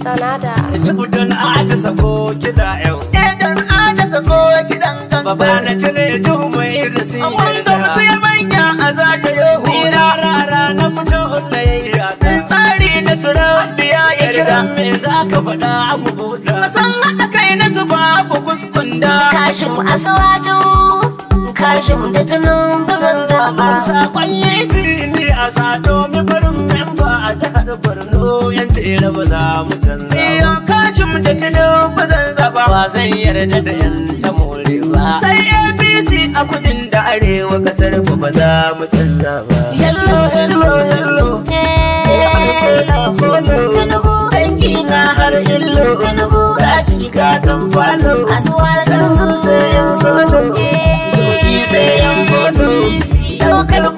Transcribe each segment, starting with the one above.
Sanada. Ci udun ada sako kiɗa yau. Idan eh, ada sako kiɗan gangan. Baba na ci ne ji mai irisi yarda. Wanda musu ya manya a za ta yi Ina rara na fito hulla ya yi Tsari da suran biya ya kira. Me za ka faɗa abu buɗa. San haɗa kai na zuba abu kuskunda. Kashim asuwaju. Kashim da tunun bazan ba sakon yanki ne a sado mi barin memba a jihar borno yan tsere ba za mu canza iyo da tuno ba zan zaba ba zan yarda da yan ta ba sai apc a kudin da arewa kasar ku ba za mu canza ba yallo yallo yallo Tinubu dangi na har illo Tinubu rafi ka kan falo Asuwa da su sayan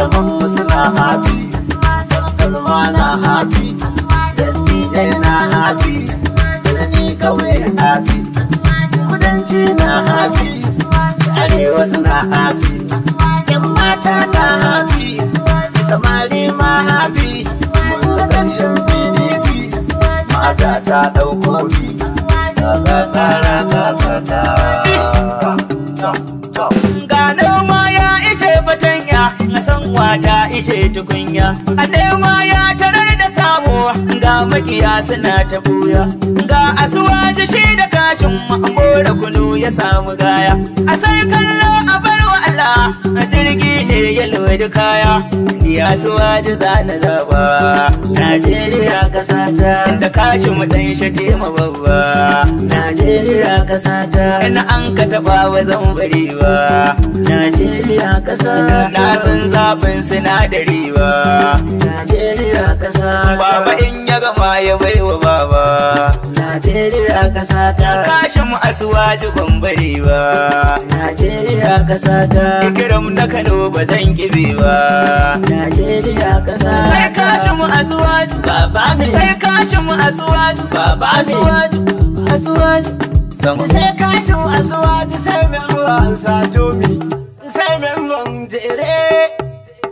malamin suna hafi Usman na hafi Dattijai na hafi Jirani kauye hafi Kudanci na hafi Arewa suna hafi Yan mata na hafi Samari ma hafi Mun ƙarshen PDP Mata ta ɗauko bi Ga ga ga ga na san wata ishe tukunya a ya tarar da samu ga makiya suna ta buya ga asuwaji shi da kashin da kunu ya samu gaya a sai kallo a barwa Allah jirgi ne ya da kaya ya suwaji za na zaba Najeriya kasata da kashi mu shi ce ma Najeriya kasata ina an ka taba wa zan ba. Najeriya kasata na san zabin sinadari ba Najeriya kasata baba in gama ya baiwa baba Najeriya kasa ta kashe mu asuwaji ban bari ba Najeriya kasa ta ikiram na Kano ba zan kibe ba Najeriya kasa sai kashe mu asuwaji baba sai kashe mu asuwaji baba asuwaji asuwaji sai kashe mu asuwaji sai mai ruwan satomi sai mai ruwan jere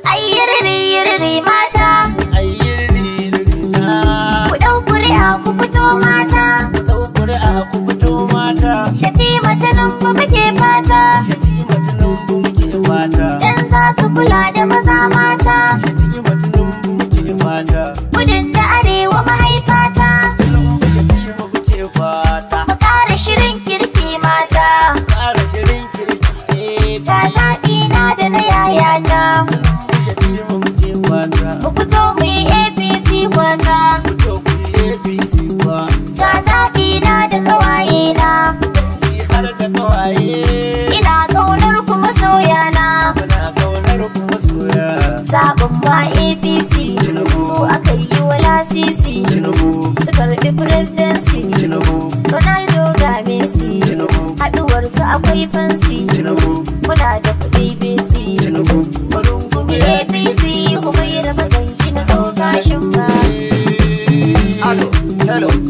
ayyiriri yiriri mata za su kula da zaben ma apc So aka yi wa lasisi su karbi presidency ronaldo ga messi haduwar akwai fansi muna da kudi bc marungumi apc kuma yi da mazan gina so ba Hello, hello.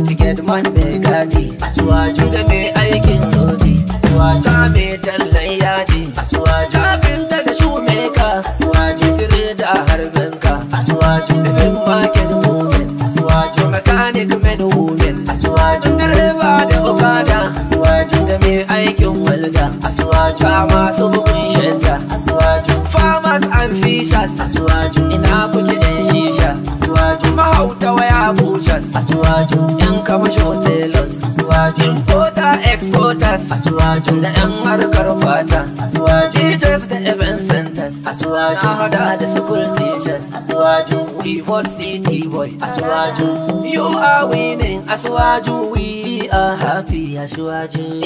Wicked man be gadi Asuwaju da me aikin lodi Asuwaju mai tallan yadi Asuwaju abinta da shumeka Asuwaju tire da harbinka Asuwaju living market woman Asuwaju mechanic men woman Asuwaju direba da okada Asuwaju da me aikin walda Asuwaju a masu bugun shanta Asuwaju farmers and fishers Asuwaju ina kuke ɗan shisha Asuwaju mahauta waya bushas Asuwaju kamar shotelos asuwajin importer tota, exporters asuwajin da yan harkar fata asuwajin teachers da event centers asuwajin hada da school teachers asuwajin we for city boy asuwajin you are winning asuwajin we are happy asuwajin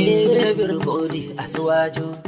everybody asuwajin